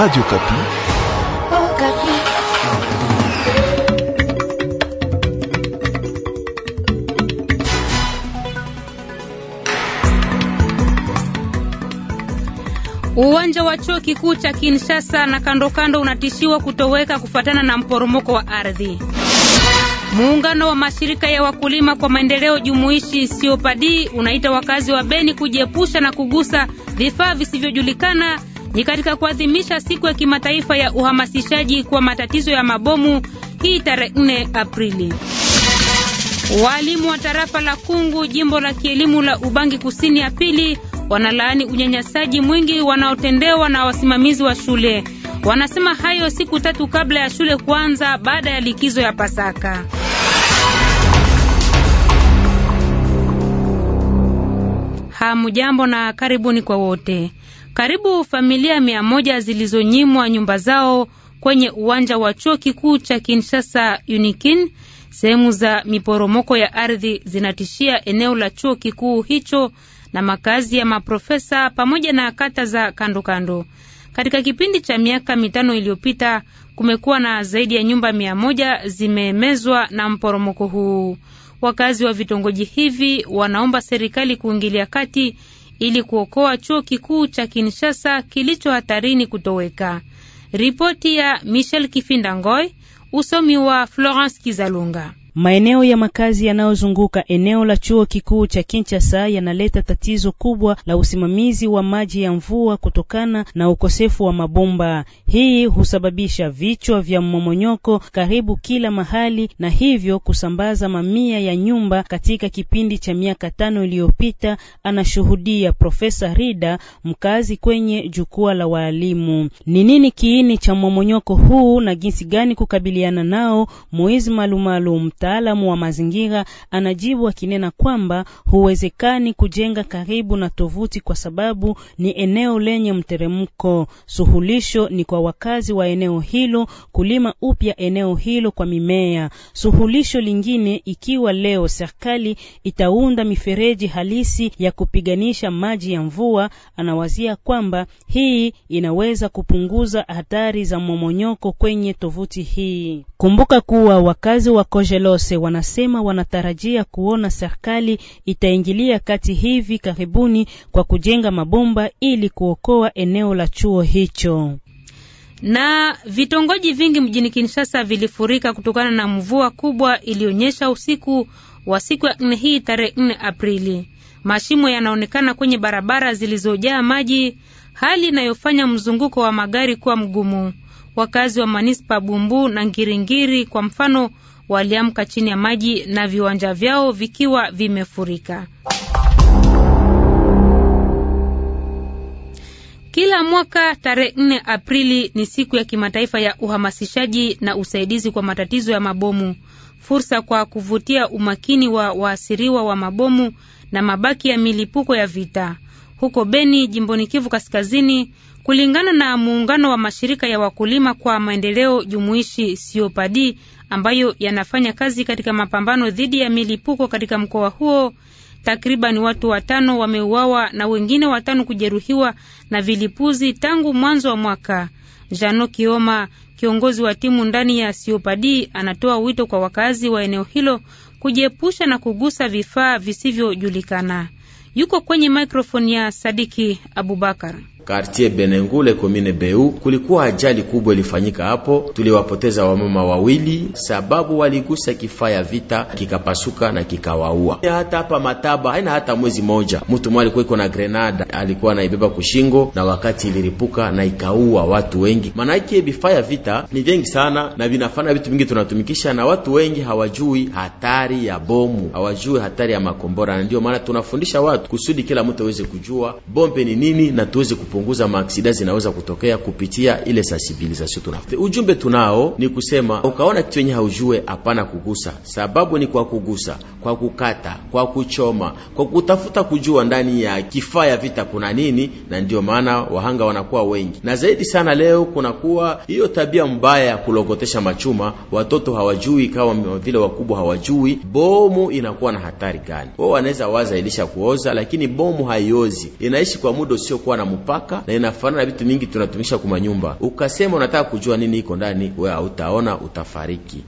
Radio Kapi. Oh, Kapi. Uwanja wa chuo kikuu cha Kinshasa na kando kando unatishiwa kutoweka kufuatana na mporomoko wa ardhi. Muungano wa mashirika ya wakulima kwa maendeleo jumuishi Siopadi unaita wakazi wa Beni kujiepusha na kugusa vifaa visivyojulikana ni katika kuadhimisha siku ya kimataifa ya uhamasishaji kwa matatizo ya mabomu hii tarehe 4 Aprili. Waalimu wa tarafa la Kungu, jimbo la kielimu la Ubangi kusini ya pili, wanalaani unyanyasaji mwingi wanaotendewa na wasimamizi wa shule. Wanasema hayo siku tatu kabla ya shule kuanza baada ya likizo ya Pasaka. jambo na karibuni kwa wote. Karibu familia mia moja zilizonyimwa nyumba zao kwenye uwanja wa chuo kikuu cha Kinshasa UNIKIN. Sehemu za miporomoko ya ardhi zinatishia eneo la chuo kikuu hicho na makazi ya maprofesa pamoja na kata za kando kando. Katika kipindi cha miaka mitano iliyopita, kumekuwa na zaidi ya nyumba mia moja zimeemezwa na mporomoko huu. Wakazi wa vitongoji hivi wanaomba serikali kuingilia kati ili kuokoa chuo kikuu cha Kinshasa kilicho hatarini kutoweka. Ripoti ya Michel kifindangoy usomi wa Florence Kizalunga. Maeneo ya makazi yanayozunguka eneo la chuo kikuu cha Kinshasa yanaleta tatizo kubwa la usimamizi wa maji ya mvua kutokana na ukosefu wa mabomba. Hii husababisha vichwa vya mmomonyoko karibu kila mahali na hivyo kusambaza mamia ya nyumba katika kipindi cha miaka tano iliyopita, anashuhudia Profesa Rida, mkazi kwenye jukwaa la waalimu. Ni nini kiini cha mmomonyoko huu na jinsi gani kukabiliana nao? Moiz Malumalu mtaalamu wa mazingira anajibu akinena kwamba huwezekani kujenga karibu na tovuti kwa sababu ni eneo lenye mteremko. Suhulisho ni kwa wakazi wa eneo hilo kulima upya eneo hilo kwa mimea. Suhulisho lingine ikiwa leo serikali itaunda mifereji halisi ya kupiganisha maji ya mvua, anawazia kwamba hii inaweza kupunguza hatari za momonyoko kwenye tovuti hii. Kumbuka kuwa wakazi wa Kojelo Lose wanasema wanatarajia kuona serikali itaingilia kati hivi karibuni kwa kujenga mabomba ili kuokoa eneo la chuo hicho. Na vitongoji vingi mjini Kinshasa vilifurika kutokana na mvua kubwa iliyonyesha usiku wa siku ya nne hii tarehe 4 Aprili. Mashimo yanaonekana kwenye barabara zilizojaa maji, hali inayofanya mzunguko wa magari kuwa mgumu. Wakazi wa manispa Bumbu na Ngiringiri kwa mfano waliamka chini ya maji na viwanja vyao vikiwa vimefurika. Kila mwaka tarehe 4 Aprili ni siku ya kimataifa ya uhamasishaji na usaidizi kwa matatizo ya mabomu, fursa kwa kuvutia umakini wa waasiriwa wa mabomu na mabaki ya milipuko ya vita. Huko Beni, jimboni Kivu Kaskazini, Kulingana na muungano wa mashirika ya wakulima kwa maendeleo jumuishi Siopadi ambayo yanafanya kazi katika mapambano dhidi ya milipuko katika mkoa huo, takriban watu watano wameuawa na wengine watano kujeruhiwa na vilipuzi tangu mwanzo wa mwaka. Jano Kioma, kiongozi wa timu ndani ya Siopadi, anatoa wito kwa wakazi wa eneo hilo kujiepusha na kugusa vifaa visivyojulikana. Yuko kwenye microfoni ya Sadiki Abubakar kartier Benengule, commune Beu, kulikuwa ajali kubwa ilifanyika hapo. Tuliwapoteza wamama wawili sababu waligusa kifaa ya vita kikapasuka na kikawaua. Hata hapa Mataba haina hata mwezi moja, mtu mmoja alikuwa iko na grenada, alikuwa anaibeba kushingo, na wakati iliripuka na ikaua watu wengi. Manake vifaa ya vita ni vingi sana na vinafanya vitu vingi tunatumikisha, na watu wengi hawajui hatari ya bomu, hawajui hatari ya makombora, na ndio maana tunafundisha watu kusudi kila mtu aweze kujua bombe ni nini na tuweze kupu kupunguza maaksida zinaweza kutokea kupitia ile sensibilisation. tunafanya. Ujumbe tunao ni kusema, ukaona kitu yenye haujue, hapana kugusa, sababu ni kwa kugusa, kwa kukata, kwa kuchoma, kwa kutafuta kujua ndani ya kifaa ya vita kuna nini, na ndiyo maana wahanga wanakuwa wengi, na zaidi sana leo kunakuwa hiyo tabia mbaya ya kulogotesha machuma. Watoto hawajui kama vile wakubwa hawajui bomu inakuwa na hatari gani. Wao wanaweza waza ilisha kuoza, lakini bomu haiozi, inaishi kwa muda usiokuwa na mpaka mpaka na inafanana na vitu mingi tunatumisha nyumba. Ukasema unataka kujua nini iko ndani, we hautaona, utafariki.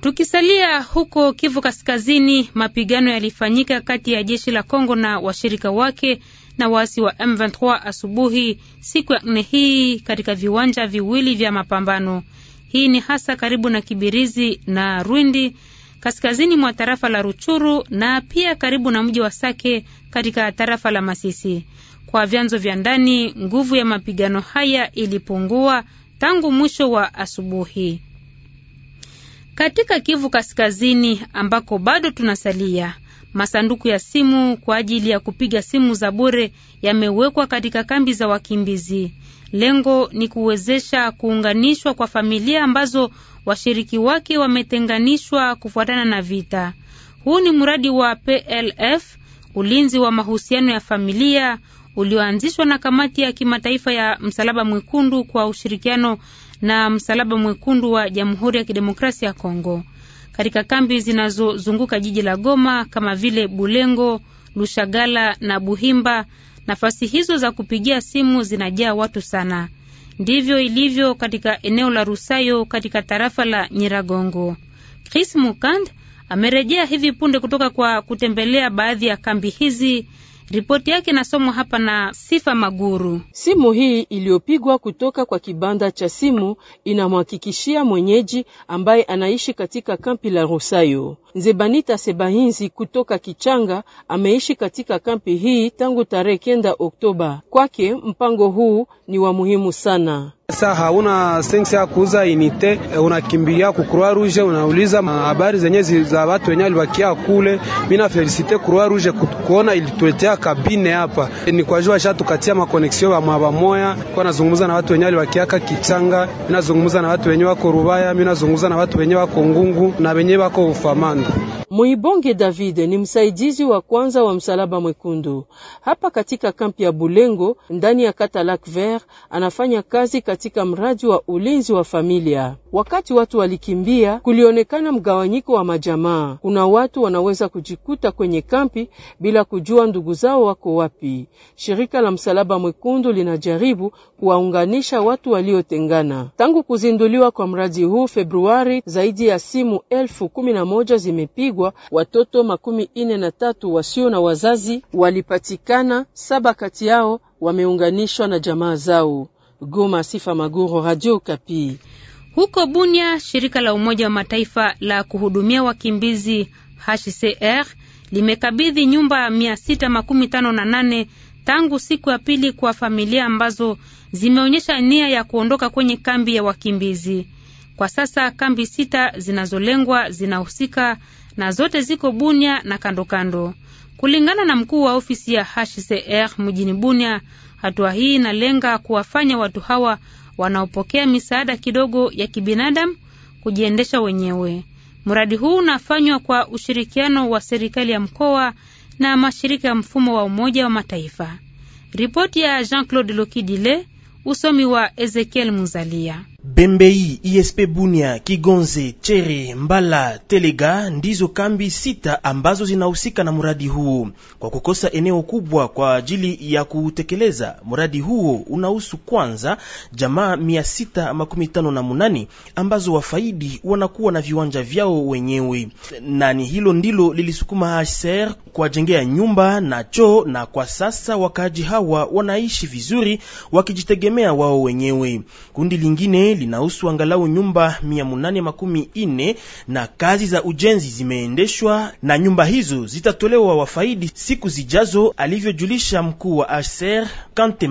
Tukisalia huko Kivu Kaskazini, mapigano yalifanyika kati ya jeshi la Kongo na washirika wake na waasi wa M23 asubuhi siku ya nne hii katika viwanja viwili vya mapambano. Hii ni hasa karibu na Kibirizi na Rwindi kaskazini mwa tarafa la Ruchuru na pia karibu na mji wa Sake katika tarafa la Masisi. Kwa vyanzo vya ndani, nguvu ya mapigano haya ilipungua tangu mwisho wa asubuhi. Katika Kivu Kaskazini ambako bado tunasalia, masanduku ya simu kwa ajili ya kupiga simu za bure yamewekwa katika kambi za wakimbizi. Lengo ni kuwezesha kuunganishwa kwa familia ambazo washiriki wake wametenganishwa kufuatana na vita. Huu ni mradi wa PLF, ulinzi wa mahusiano ya familia ulioanzishwa na kamati ya kimataifa ya Msalaba Mwekundu kwa ushirikiano na Msalaba Mwekundu wa Jamhuri ya Kidemokrasia ya Kongo katika kambi zinazozunguka jiji la Goma kama vile Bulengo, Lushagala na Buhimba. Nafasi hizo za kupigia simu zinajaa watu sana. Ndivyo ilivyo katika eneo la Rusayo katika tarafa la Nyiragongo. Chris Mukand amerejea hivi punde kutoka kwa kutembelea baadhi ya kambi hizi. Ripoti yake inasomwa hapa na Sifa Maguru. Simu hii iliyopigwa kutoka kwa kibanda cha simu inamhakikishia mwenyeji ambaye anaishi katika kampi la Rusayo. Nzebanita Sebahinzi kutoka Kichanga ameishi katika kampi hii tangu tarehe kenda Oktoba. Kwake mpango huu ni wa muhimu sana. Sasa hauna sensi ya kuuza inite, unakimbia ku Croix Rouge, unauliza habari zenye za watu wenye walibakia kule. Mimi na felicite Croix Rouge kuona ilituletea kabine hapa, ni kwa jua sha tukatia ma connection ya mwa moya. Kwa nazungumza na watu wenye alibakia Kichanga, mimi nazungumza na watu wenye wako Rubaya, mimi nazungumza na watu wenye wako Ngungu na wenye wako Ufamanda. Muibonge David ni msaidizi wa kwanza wa Msalaba Mwekundu hapa katika kampi ya Bulengo ndani ya kata Lac Vert. Anafanya kazi katika mradi wa ulinzi wa familia. Wakati watu walikimbia, kulionekana mgawanyiko wa majamaa. Kuna watu wanaweza kujikuta kwenye kampi bila kujua ndugu zao wako wapi. Shirika la Msalaba Mwekundu linajaribu kuwaunganisha watu waliotengana. Tangu kuzinduliwa kwa mradi huu Februari, zaidi ya simu elfu kumi na moja zimepigwa watoto makumi ine na tatu wasio na wazazi walipatikana, saba kati yao wameunganishwa na jamaa zao. Goma, Sifa Maguro, Radio Kapi. Huko Bunia, shirika la Umoja wa Mataifa la kuhudumia wakimbizi HCR limekabidhi nyumba mia sita makumi tano na nane tangu siku ya pili kwa familia ambazo zimeonyesha nia ya kuondoka kwenye kambi ya wakimbizi. Kwa sasa kambi sita zinazolengwa zinahusika na zote ziko Bunia na kando kando. Kulingana na mkuu wa ofisi ya HCR mjini Bunia, hatua hii inalenga kuwafanya watu hawa wanaopokea misaada kidogo ya kibinadamu kujiendesha wenyewe. Mradi huu unafanywa kwa ushirikiano wa serikali ya mkoa na mashirika ya mfumo wa Umoja wa Mataifa. Ripoti ya Jean-Claude Lokidile, usomi wa Ezekiel Muzalia. Bembei, ISP Bunia, Kigonze, Chere, Mbala, Telega ndizo kambi sita ambazo zinahusika na mradi huo Kwa kukosa eneo kubwa kwa ajili ya kutekeleza mradi huo, unahusu kwanza jamaa mia sita na munani ambazo wafaidi wanakuwa na viwanja vyao wenyewe, na ni hilo ndilo lilisukuma HCR kuwajengea nyumba na choo, na kwa sasa wakaaji hawa wanaishi vizuri wakijitegemea wao wenyewe. Kundi lingine linahusu angalau nyumba mia munane makumi ine na kazi za ujenzi zimeendeshwa na nyumba hizo zitatolewa wafaidi siku zijazo, alivyojulisha mkuu wa Aser Kante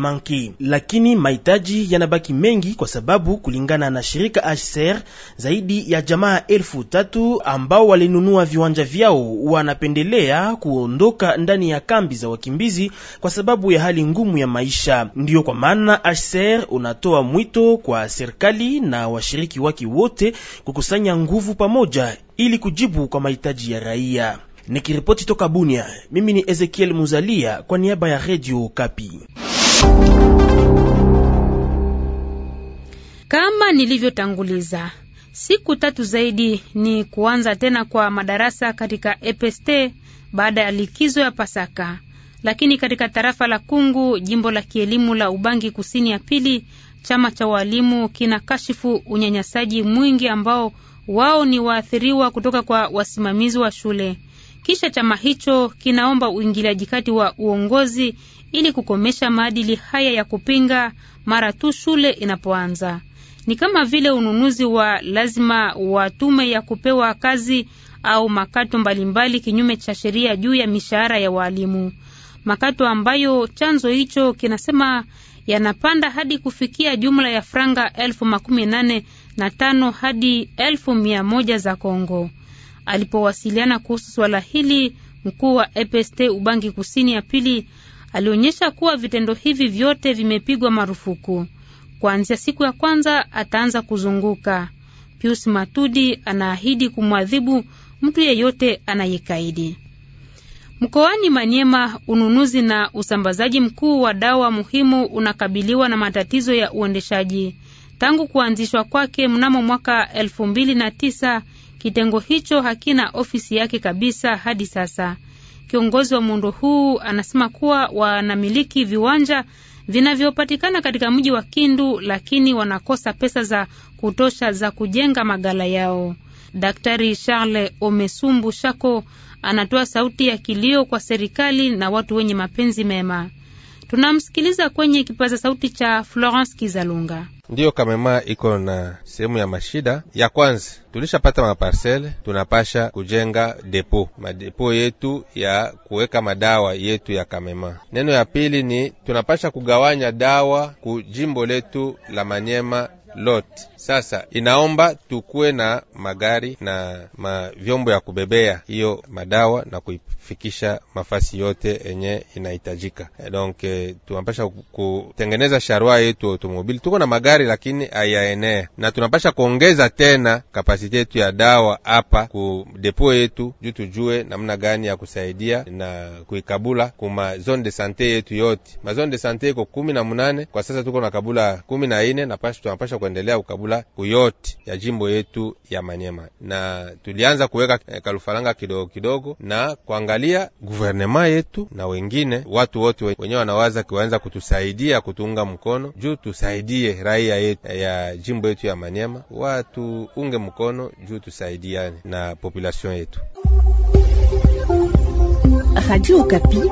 Lakini mahitaji yanabaki mengi, kwa sababu kulingana na shirika Aser, zaidi ya jamaa elfu tatu ambao walinunua viwanja vyao wanapendelea kuondoka ndani ya kambi za wakimbizi kwa sababu ya hali ngumu ya maisha. Ndiyo kwa maana Aser unatoa mwito kwa serikali serikali na washiriki wake wote kukusanya nguvu pamoja ili kujibu kwa mahitaji ya raia. Nikiripoti toka Bunia, mimi ni Ezekiel Muzalia kwa niaba ya Redio Kapi. Kama nilivyotanguliza siku tatu zaidi ni kuanza tena kwa madarasa katika EPST baada ya likizo ya Pasaka, lakini katika tarafa la Kungu, jimbo la kielimu la Ubangi kusini ya pili, Chama cha walimu kinakashifu unyanyasaji mwingi ambao wao ni waathiriwa kutoka kwa wasimamizi wa shule. Kisha chama hicho kinaomba uingiliaji kati wa uongozi ili kukomesha maadili haya ya kupinga mara tu shule inapoanza. Ni kama vile ununuzi wa lazima wa tume ya kupewa kazi au makato mbalimbali kinyume cha sheria juu ya mishahara ya waalimu, makato ambayo chanzo hicho kinasema yanapanda hadi kufikia jumla ya franga elfu makumi nane na tano hadi elfu mia moja za Kongo. Alipowasiliana kuhusu swala hili, mkuu wa EPST Ubangi kusini ya pili alionyesha kuwa vitendo hivi vyote vimepigwa marufuku. Kuanzia siku ya kwanza ataanza kuzunguka. Pius Matudi anaahidi kumwadhibu mtu yeyote anayekaidi. Mkoani Manyema, ununuzi na usambazaji mkuu wa dawa muhimu unakabiliwa na matatizo ya uendeshaji. Tangu kuanzishwa kwake mnamo mwaka elfu mbili na tisa, kitengo hicho hakina ofisi yake kabisa hadi sasa. Kiongozi wa muundo huu anasema kuwa wanamiliki viwanja vinavyopatikana katika mji wa Kindu, lakini wanakosa pesa za kutosha za kujenga magala yao. Daktari Charles Omesumbu Shako anatoa sauti ya kilio kwa serikali na watu wenye mapenzi mema. Tunamsikiliza kwenye kipaza sauti cha Florence Kizalunga. Ndiyo, Kamema iko na sehemu ya mashida ya kwanza. Tulishapata maparsele, tunapasha kujenga depo, madepo yetu ya kuweka madawa yetu ya Kamema. Neno ya pili ni tunapasha kugawanya dawa ku jimbo letu la Manyema lot. Sasa inaomba tukuwe na magari na ma vyombo ya kubebea hiyo madawa na kuifikisha mafasi yote enye inahitajika. Eh, donc eh, tunapasha kutengeneza sharwa yetu automobili, tuko na magari lakini hayaenea, na tunapasha kuongeza tena kapasite yetu ya dawa hapa ku depo yetu, juu tujue namna gani ya kusaidia na kuikabula kuma zone de sante yetu yote. Mazone de sante iko kumi na munane kwa sasa, tuko na kabula kumi na ine napasha tunapasha kuendelea ukabula kuyote ya jimbo yetu ya Manyema, na tulianza kuweka eh, kalufaranga kidogo kidogo na kuangalia guvernema yetu na wengine watu wote wenye wanawaza kiwaanza kutusaidia kutuunga mkono juu tusaidie raia yetu eh, ya jimbo yetu ya Manyema, watu unge mkono juu tusaidiane na population yetu. Radio Okapi.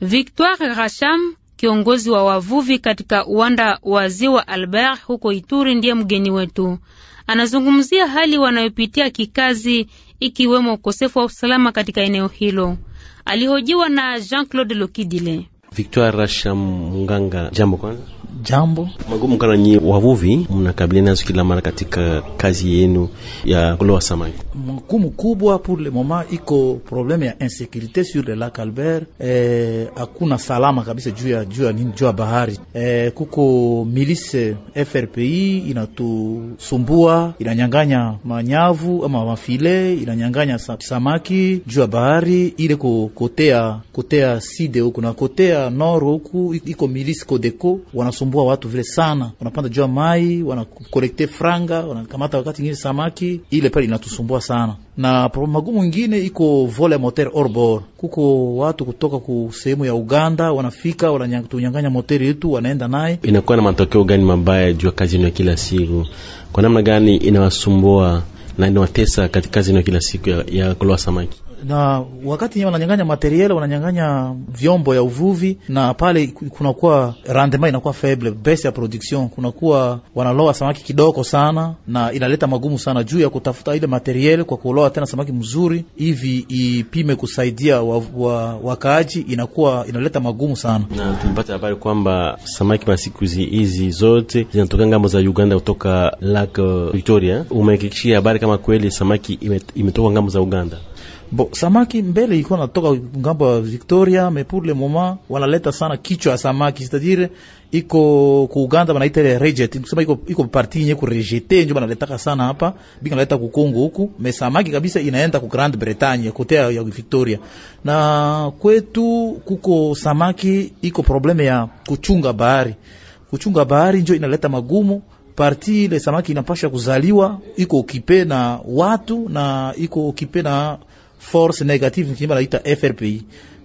Victoire Racham kiongozi wa wavuvi katika uwanda wa ziwa Albert huko Ituri, ndiye mgeni wetu. Anazungumzia hali wanayopitia kikazi, ikiwemo ukosefu wa usalama katika eneo hilo. Alihojiwa na Jean-Claude Lokidile. Victoire Rasha Munganga, jambo kwanza. Jambo magumu kana nyi wavuvi mnakabiliana nazo kila mara katika kazi yenu ya kuloa samaki? mkumu kubwa pour le moment iko probleme ya insécurité sur le lac Albert. Eh, hakuna eh, salama kabisa juu ya juu ya nini, juu ya bahari eh, kuko milise FRPI inatusumbua, inanyanganya manyavu ama mafile, inanyanganya samaki juu ya bahari ile ko, kotea kotea side huku na kotea nord huku iko milice Kodeko wanasumbua watu vile sana, wanapanda juu ya mai, wanakolekte franga, wanakamata wakati ingine samaki ile pale inatusumbua sana sana. Na problemagumu mwingine iko vole moteur orbor, kuko watu kutoka ku sehemu ya Uganda wanafika wanatunyang'anya moteri yetu wanaenda naye. Inakuwa na matokeo gani mabaya juu ya kazi yenu ya kila siku? Kwa namna gani inawasumbua na inawatesa katika kazi ya kila siku ya, ya kuloa samaki? na wakati wananyang'anya materiel, wananyang'anya vyombo ya uvuvi, na pale kunakuwa rendement inakuwa faible, base ya production, kunakuwa wanaloa samaki kidogo sana, na inaleta magumu sana juu ya kutafuta ile materiel kwa kuloa tena samaki mzuri hivi ipime kusaidia wa, wa, wakaaji, inakuwa inaleta magumu sana. Na tumepata habari kwamba samaki kwa siku hizi zote zinatoka ngambo za Uganda kutoka Lake Victoria. Umehakikishia habari kama kweli samaki imetoka ngambo za Uganda? Bo, samaki mbele ilikuwa natoka ngambo ya Victoria, mais pour le moment wanaleta sana kichwa ya samaki, c'est-à-dire iko ku Uganda banaita ile reject, kusema iko iko parti yenye ku rejete ndio banaletaka sana hapa, bika naleta ku Kongo huku, mais samaki kabisa inaenda ku Grande Bretagne kote ya Victoria. Na kwetu kuko samaki iko probleme ya kuchunga bahari, kuchunga bahari ndio inaleta magumu parti ile samaki inapasha kuzaliwa iko okipe na watu na iko okipe na force negative kimba naita FRPI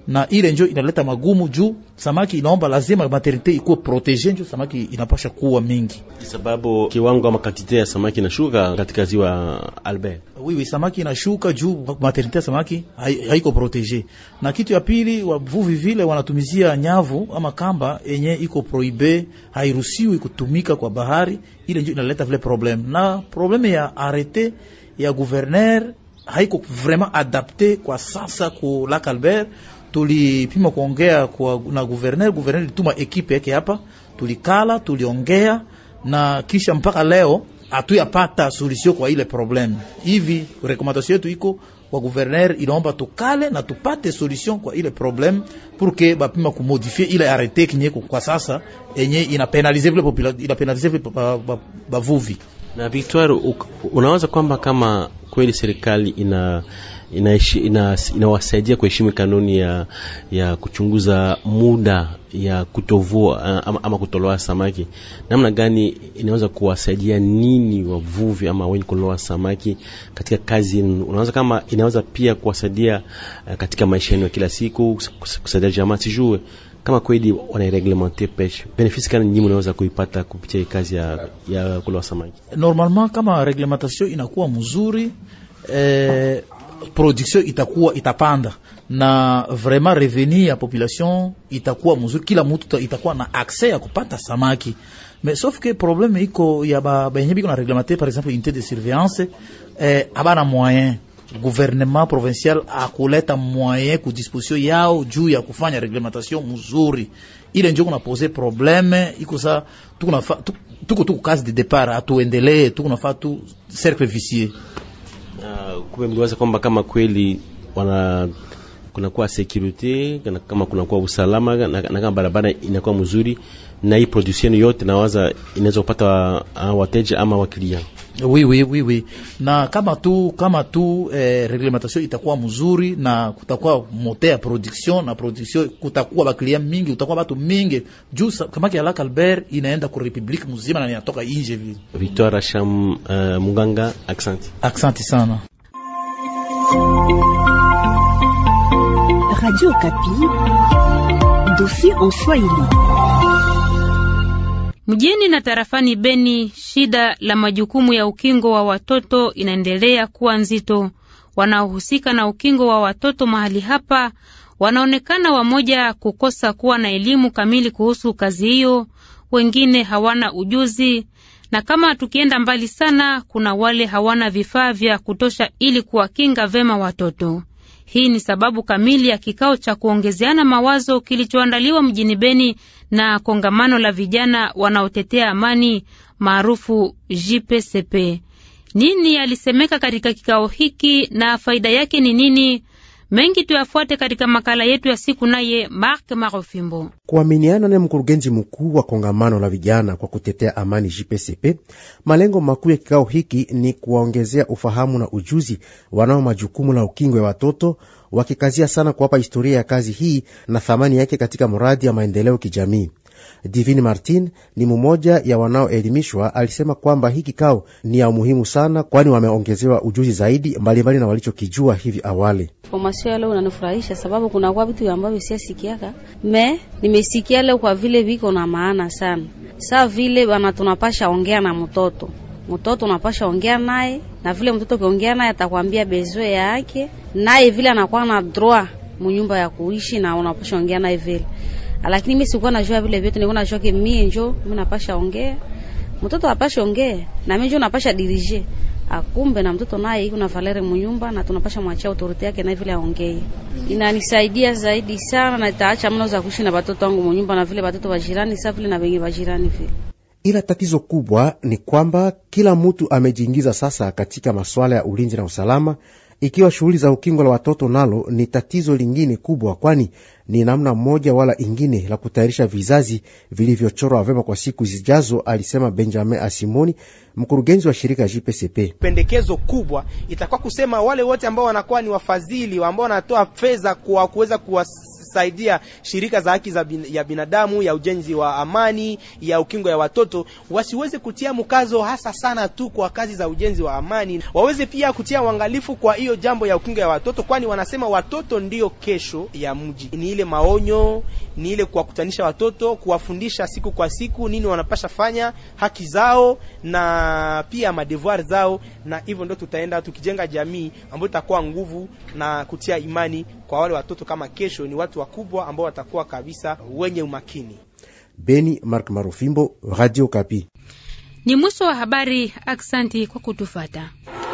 na ile njo inaleta magumu juu samaki inaomba lazima maternite ikuwe protege, njo samaki inapasha kuwa mingi, sababu kiwango ama kantite ya samaki inashuka katika ziwa Albert. Oui, oui, samaki inashuka juu maternite ya samaki haiko protege. Na kitu ya pili, wavuvi vile wanatumizia nyavu ama kamba yenye iko prohibe, hairuhusiwi kutumika kwa bahari. Ile njo inaleta vile problem na problem ya arete ya gouverneur haiko vraiment adapté kwa sasa ku Lac Albert. Tulipima kuongea kwa, na gouverneur, gouverneur lituma ekipe yake hapa, tulikala tuliongea na kisha mpaka leo hatuyapata solution kwa ile problem. Hivi recommandation yetu iko kwa gouverneur, inaomba tukale na tupate solution kwa ile problem pour que bapima kumodifie ile arrêté kinyeko kwa sasa enye inapenalize vile population inapenalize bavuvi ba, ba, na Victor, unawaza kwamba kama kweli serikali ina inawasaidia ina, ina kuheshimu kanuni ya, ya kuchunguza muda ya kutovua ama, ama kutoloa samaki, namna gani inaweza kuwasaidia nini wavuvi ama wenye kuloa samaki katika kazi Unaweza kama inaweza pia kuwasaidia katika maisha yenu ya kila siku, kusaidia jamaa sijue kama kweli wanareglementer peshe, benefisi kani nyingi unaweza kuipata kupitia kazi ya, ya kula samaki? Normalement kama reglementation inakuwa mzuri eh, production itakuwa itapanda na vraiment revenu ya population itakuwa mzuri, kila mtu itakuwa na accès ya kupata samaki. Mais sauf que problème iko ya ba benye biko na reglementer par exemple unité de surveillance eh, abana moyen gouvernement provincial akuleta moyen ku disposition yao juu ya kufanya reglementation mzuri. Ile ndio kuna poser probleme iko sa tuko tuko kazi de départ atuendelee tuko nafaa tu cercle vicieux. Uh, kumbe mliwaza kwamba kama kweli wana kunakuwa securite kama kunakuwa usalama na, na kama barabara inakuwa mzuri na hii production yote nawaza inaweza kupata ah, wateja ama wakilia Oui, oui, oui, oui. Na kama tu kama tu eh, reglementation itakuwa mzuri na kutakuwa mote ya production na production kutakuwa baklia mingi, kutakuwa batu mingi. Juu kama kia Lac Albert inaenda ku republique mzima na inatoka nje vile. Victor Asham uh, eh, Muganga, aksanti. Aksanti sana. Radio Kapi, dossier en Swahili. Mjini na tarafani Beni, shida la majukumu ya ukingo wa watoto inaendelea kuwa nzito. Wanaohusika na ukingo wa watoto mahali hapa wanaonekana wamoja kukosa kuwa na elimu kamili kuhusu kazi hiyo, wengine hawana ujuzi, na kama tukienda mbali sana, kuna wale hawana vifaa vya kutosha ili kuwakinga vema watoto. Hii ni sababu kamili ya kikao cha kuongezeana mawazo kilichoandaliwa mjini Beni na kongamano la vijana wanaotetea amani maarufu JPCP. Nini alisemeka katika kikao hiki na faida yake ni nini? Mengi tuyafuate katika makala yetu ya siku, naye Mark Marofimbo. Kuaminiana naye mkurugenzi mkuu wa kongamano la vijana kwa kutetea amani JPCP, malengo makuu ya kikao hiki ni kuwaongezea ufahamu na ujuzi wanao majukumu la ukingwe wa watoto, wakikazia sana kuwapa historia ya kazi hii na thamani yake katika mradi ya maendeleo kijamii. Divini Martin ni mmoja ya wanaoelimishwa, alisema kwamba hii kikao ni ya umuhimu sana, kwani wameongezewa ujuzi zaidi mbalimbali mbali na walichokijua hivi awali. Formasio ya leo unanifurahisha sababu kunakuwa vitu ambavyo siasikiaka me nimesikia leo, kwa vile viko na maana sana, saa vile bana tunapasha ongea na mtoto mtoto unapasha ongea naye na vile mtoto ukiongea naye atakwambia bezwe yake, naye vile anakuwa na droit munyumba ya kuishi, na unapasha ongea naye vile lakini mimi sikuwa najua vile vyote, nilikuwa najua ke mimi njo mimi napasha ongea, mtoto apasha ongea na mimi njo napasha dirije Akumbe ah, na mtoto naye iko na Valere munyumba na tunapasha mwachia autorite yake na vile aongee. Inanisaidia zaidi sana na itaacha mno za kushi na watoto wangu munyumba na vile watoto wa jirani sasa vile na wengi wa jirani vile. Ila tatizo kubwa ni kwamba kila mtu amejiingiza sasa katika masuala ya ulinzi na usalama ikiwa shughuli za ukingo la watoto nalo ni tatizo lingine kubwa, kwani ni namna moja wala ingine la kutayarisha vizazi vilivyochorwa vema kwa siku zijazo, alisema Benjamin Asimoni, mkurugenzi wa shirika JPCP. Pendekezo kubwa itakuwa kusema wale wote ambao wanakuwa ni wafadhili ambao wanatoa fedha kwa kuweza kuwa kusaidia shirika za haki za bin, ya binadamu ya ujenzi wa amani ya ukingo ya watoto wasiweze kutia mkazo hasa sana tu kwa kazi za ujenzi wa amani, waweze pia kutia uangalifu kwa hiyo jambo ya ukingo ya watoto, kwani wanasema watoto ndiyo kesho ya mji. Ni ile maonyo, ni ile kuwakutanisha watoto, kuwafundisha siku kwa siku nini wanapasha fanya, haki zao na pia madevoir zao, na hivyo ndo tutaenda tukijenga jamii ambayo itakuwa nguvu na kutia imani kwa wale watoto kama kesho ni watu wakubwa ambao watakuwa kabisa wenye umakini. Beni Mark Marufimbo, Radio Kapi. Ni mwisho wa habari. Aksanti kwa kutufata.